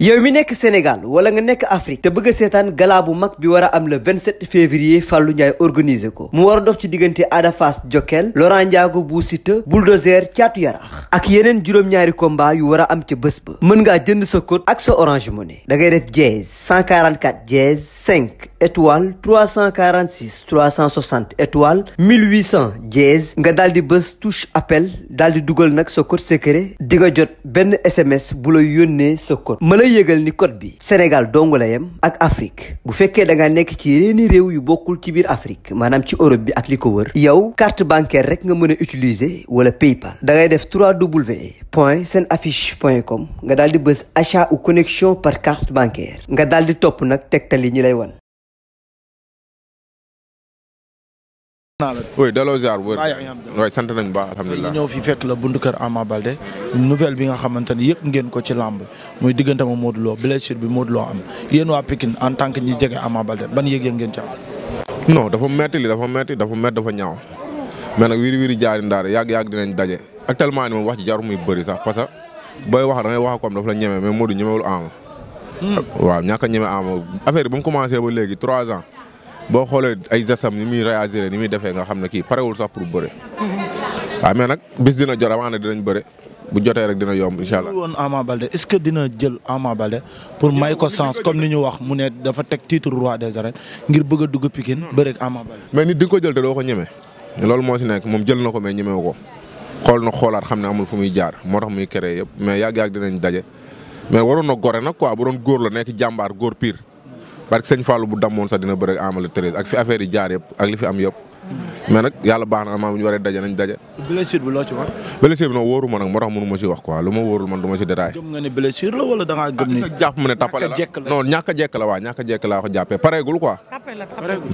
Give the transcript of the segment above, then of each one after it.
yow mi nekk Sénégal wala nga nekk Afrique te bëgg seetaan galaa bu mag bi war a am le 27 février Fallou Ndiaye organisé ko mu war a dox ci diggante Ada Fass Jokkel Laurent Ndiago bu Siteu Bulldozer Caatu Yaraax ak yeneen juróom-ñaari combat yu war a am ca bés ba mën ngaa jënd sa code ak sa Orange Money da ngay def dièse 144 dièse 5 étoile 346 360 étoile 1800 dièse nga daal di bés touche appel daal di dugal nag sa code secret di nga jot benn SMS bu la yónnee sa code lay yëgal ni code bi Sénégal dong la yem ak Afrique bu fekkee da nga nekk ci yeneeni réew yu bokkul ci biir Afrique maanaam ci Europe bi ak li ko wër yow carte bancaire rek nga mën a utiliser wala PayPal dangay def def 3w point seen affiche point comme nga daal di bës achat ou connexion par carte bancaire nga daal di topp nag tegtal yi ñu lay wan oui delloo ziar bu wér. sant nañu baax alhamdulilah. nouvelle bi nga xamante yëg ngeen ko ci làmb muy diggante ma Modou Lo blessure bi Modou Lo am yéen waa Pikine en tant que ñi jege Ama Balde ban yëg-yëg ngeen ci am. non dafa metti li dafa metti dafa metti dafa ñaaw mais nag wiri wiri jaari ndaar yàgg dinañ daje actuellement ni moom wax ci jaru muy bëri sax parce que booy wax da ngay wax comme dafa la ñeme mais Modou ñemewul Ama. Hmm. waaw ñàkk a ñeme Ama affaire bi ba ba léegi boo xoolee ay gesam ni muy réagir ni muy defee nga xam ne kii parewul sax pour bëre. Mhm. waaw mais nag bis dina jot amaana dinañ bëre bu jotee rek dina yomb incha allah. woon Ama Balde est-ce que dina jël Ama Balde pour may ko sens comme ni ñu wax mu ne dafa teg titre roi des arènes ngir bëgg a dugg Pikine bëre ak Ama Balde. mais nit di ko jël te doo ko ñeme loolu moo si nekk moom jël na ko mais ñemewu ko xool na xoolaat xam ne amul fu muy jaar moo tax muy kere yëpp mais yàgg-yàgg dinañ daje mais waroon na gore nag quoi bu góor la nekk jàmbaar góor parce que sëñ Fallou bu damoon sax dina bëre ak Ama le ak fi affaire yi jaar yëpp ak li fi am yëpp. mais nag yàlla baax na amaam bu ñu a daje nañ daje. blessure bi loo ma nag moo tax mënu ma si wax man du ma si détaillé. gëm nga ne blessure la wala da ngaa gëm ni. jàpp ma ne a jekk a jekk laa ko jàppee pareegul quoi.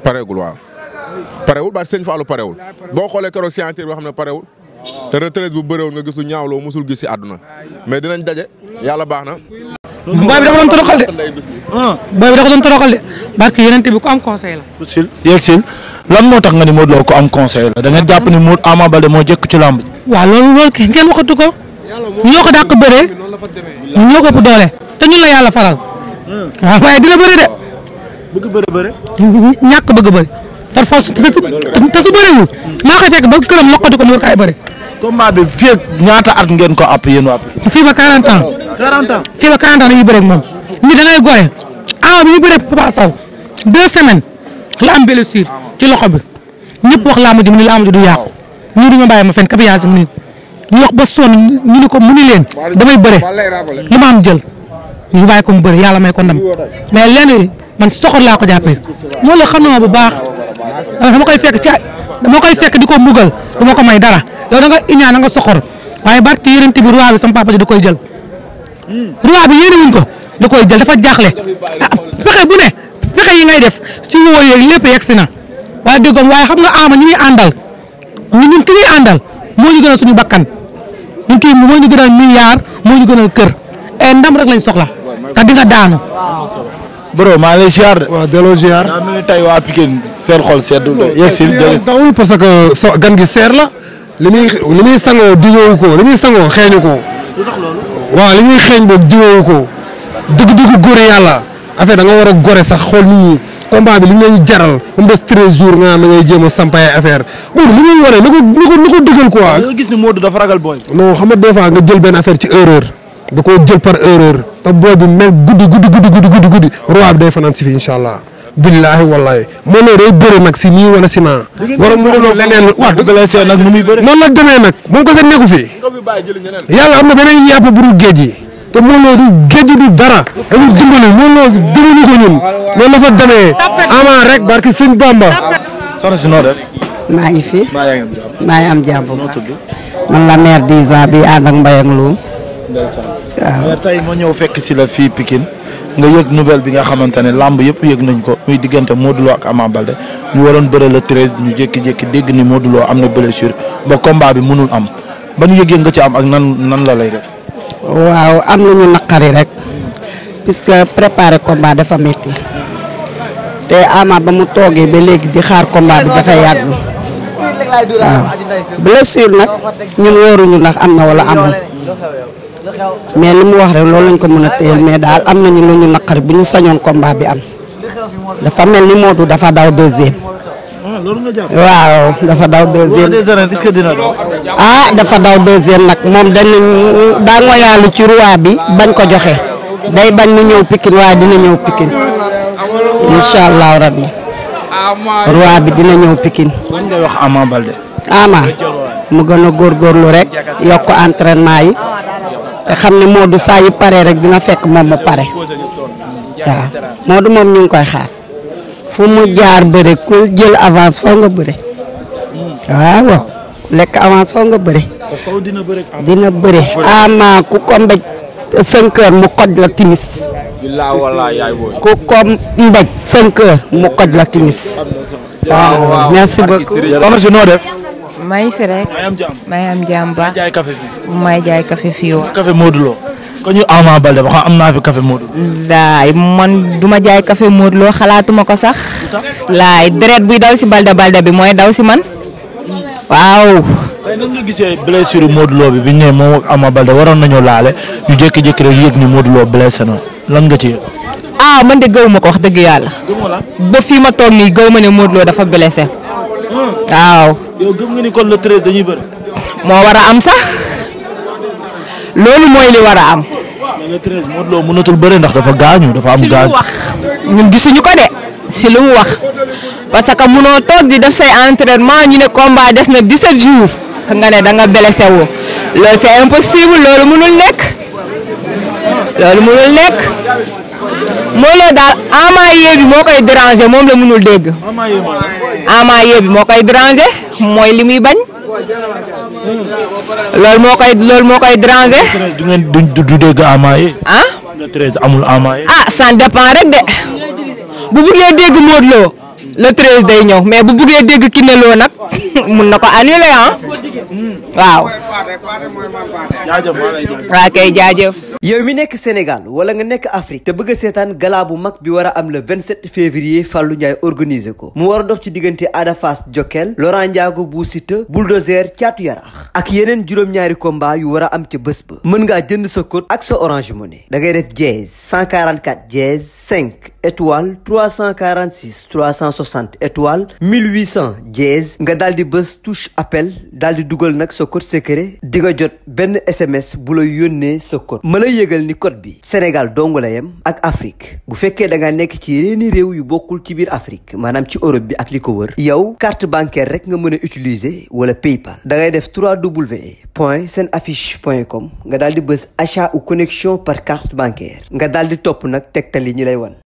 pareegul waaw. boo xoolee keroog scientifique boo xam ne parewul te retraite bu bëreewul nga gis lu ñaaw loo musul gis si àdduna mais dinañ daje yàlla baax na booy bi dafa doon toroxal de. booy ah, bi dafa doon toroxal de barke yeneen bi ku am conseil la. Sil Sil lan moo tax nga ni Modou Lo ku am conseil la da jàpp ni Modou Ama Baldé moo jëkk ci làmb. waaw loolu loolu kay ngeen waxatu ko ñoo ko dàq bëree ñoo ko ëpp doole te ñun la yàlla faral waaw ah. ah, waaye dina bëri de. bëgg bëri bëri. ñàkk bëgg bëri par force te su te su bëriwul maa koy fekk ba këram loqatu ko noor kaay bëri. combat fii ñaata at ngeen ko app yéen waa. fii ba 40 ans. 40 ans fii ba 40 ans dañuy bëre ak moom. ni da ngay gooye awa ah, bi ñu bëre Papa Sow deux semaines la am blessure ci loxo bi ñëpp wax laamu ji mu ne laamu ji du yàqu ñu du ma bàyyi ma fenn kabiyaas mu ne ñu wax ba sonn ñu ne ko mu ni leen damay bëre li ma am jël ñu bàyyi ko mu bëre yàlla may ko ndam mais lenn man soxor laa ko jàppee moo la xam na ma bu baax ah, dama koy fekk ci dama koy fekk di ko mbugal dama ko may dara yow da nga iñaan da nga soxor waaye barke yërënti bi roi bi sama papa ji da koy jël. roi bi yéene wuñ ko da dafa jaaxle fexe ah, bu ne fexe yi ngay def ci woo yeeg lépp si na waaye déggoom waaye xam nga ama ñu ñuy àndal ñu ñun ki ñuy moo ñu gënal suñu bakkan ñun kii moo ñu gënal milliard moo ñu gënal kër e ndam rek lañ soxla te di nga daanu. bro maa de. waaw delloo ziar. daa mel ni tey waa Pikine seen xol seetlu parce que sa gan gi seer la li muy li muy sangoo diñoowu ko li sangoo xeeñu ko. waaw li ñuy xeeñ boobu jiwoowu ko dëgg-dëgg góore yàlla affaire a nga war a gore sax xool nit ñi combat bi li jaral mu des treize jours nga naan da ngay jéem a sampaay affaire Modou li muy waree na ko na ko na ko dëggal quoi. da nga dafa ragal booy. non xam nga des fois nga jël benn affaire ci erreur da koo jël par erreur te booy bi mel guddi guddi guddi guddi guddi roi bi day fanaan si billaahi wallaahi Modou Lo day bëre nag si nii wala si naa. war a Modou Lo leneen waaw dëgg la see nag nu muy bëre. noonu la demee nag moom ko seen nekku fii yàlla am na beneen yàpp bu géej yi te Modou Lo du géej du dara. dañu dimbali Modou Lo dimbaluñu ko ñun noonu la fa demee ama rek barki si noo def. maa ngi fi maa ngi am jàmm maa ngi man la maire 10 ans bi ànd ak Mbaye ak Loum. waaw moo ñëw fekk si la fii nga yëg nouvelle bi nga xamante ne làmb yëpp yëg nañ ko muy diggante Modou Lo ak Ama Baldé ñu waroon bëre le treize ñu jékki-jékki dégg ni Modou Lo am na blessure ba komba bi mënul am ba yëg-yëg nga ci am ak nan nan la lay def. waaw am nañu naqari rek. puisque préparer combat dafa metti te Ama ba mu toogee ba léegi di xaar combat bi dafa yàgg. waaw blessure nag ñun wóoruñu ndax am na wala amul. mais li mu wax rek loolu lañ ko mën a téyel mais daal am nañu lu ñu naqari bu ñu sañoon kombaa bi am dafa mel ni Modou dafa daw deuxième. Ah, waaw dafa daw deuxième ah dafa daw deuxième nag moom dañ ne daa ngoyaalu ci roi bi bañ ko joxe day bañ mu ñëw pikin waaye dina ñëw pikin incha allah rabi roi bi dina ñëw pikin. nga wax Ama Balde. Ama mu gën a góorgóorlu rek yokk entraînement yi. te xam ne Modou saa yu paree rek dina fekk moom mu pare waaw Modou moom ñu koy xaar fu mu jaar bëre ku jël avance foo nga bëre waaw lekk avance foo nga bëre. dina bëre ama ku ko mbéj cinq mu koj la timis. ku ko mbéj cinq mu koj la timis. merci beaucoup. maa ngi fi rek. maa ngi am jàmm maa ngi am jàmm baax. maa jaay café fii. maa jaay ko ñu Ama Baldé ba xam am naa fi café Modou laay man du ma jaay café Modou xalaatuma ko sax. laay deret buy daw si Baldé Baldé bi mooy daw si man. waaw. tey nan bi bi ñu waroon nañu laale ñu Lo blessé na lan nga ah, man de gëw ko wax dëgg yàlla. ba fii ma toog nii gëw ne Modou dafa blessé. waaw. nga ni kon le treize dañuy bëri. moo war a am sax loolu mooy li war a am. mais le treize Modou Lo bëri ndax dafa gaañu dafa am. gaañu wax ñun gisuñu ko de si lu mu wax parce que munoo toog di def say entraînement ñu ne combat des na 17 jours nga ne danga nga blessé wu loolu c'est impossible loolu mënul nekk loolu mënul nekk. Modou Lo daal ama yee bi moo koy déranger moo koy déranger mooy li muy bañ. loolu moo koy loolu moo koy déranger. du ngeen du du dégg amul ama yee. ah ça dépend rek de bu buggee dégg Modou Lo le treize day ñëw mais bu buggee dégg Kine Lo nag mun na ko annuler ah. waaw. yow mi nekk Sénégal wala nga nekk Afrique te bëgg a seetaan gala bu mag bi war a am le 27 février Fallou Ndiaye organisé ko mu war a dox ci diggante Ada Fass Jokkel Laurent Ndiago Bou Siteu Bulldozer Caatu Yaraax ak yeneen juróom-ñaari combat yu war a am ca bés ba mën ngaa jënd sa code ak sa Orange Money da ngay def dièse 144 dièse 5 étoile 346 360 étoile 1800 dièse nga daal di bés touche appel daal di dugal nag sa code secret di nga jot benn SMS bu la yónnee sa code lay yëgal ni code bi Sénégal dong la yem ak Afrique bu fekkee da nga nekk ci yeneeni réew yu bokkul ci biir Afrique maanaam ci Europe bi ak li ko wër yow carte bancaire rek nga mën a utiliser wala PayPal da ngay def 3W e point seen affiche point com nga daal di bës achat ou connexion par carte bancaire nga daal di topp nag tegtal yi ñu lay wan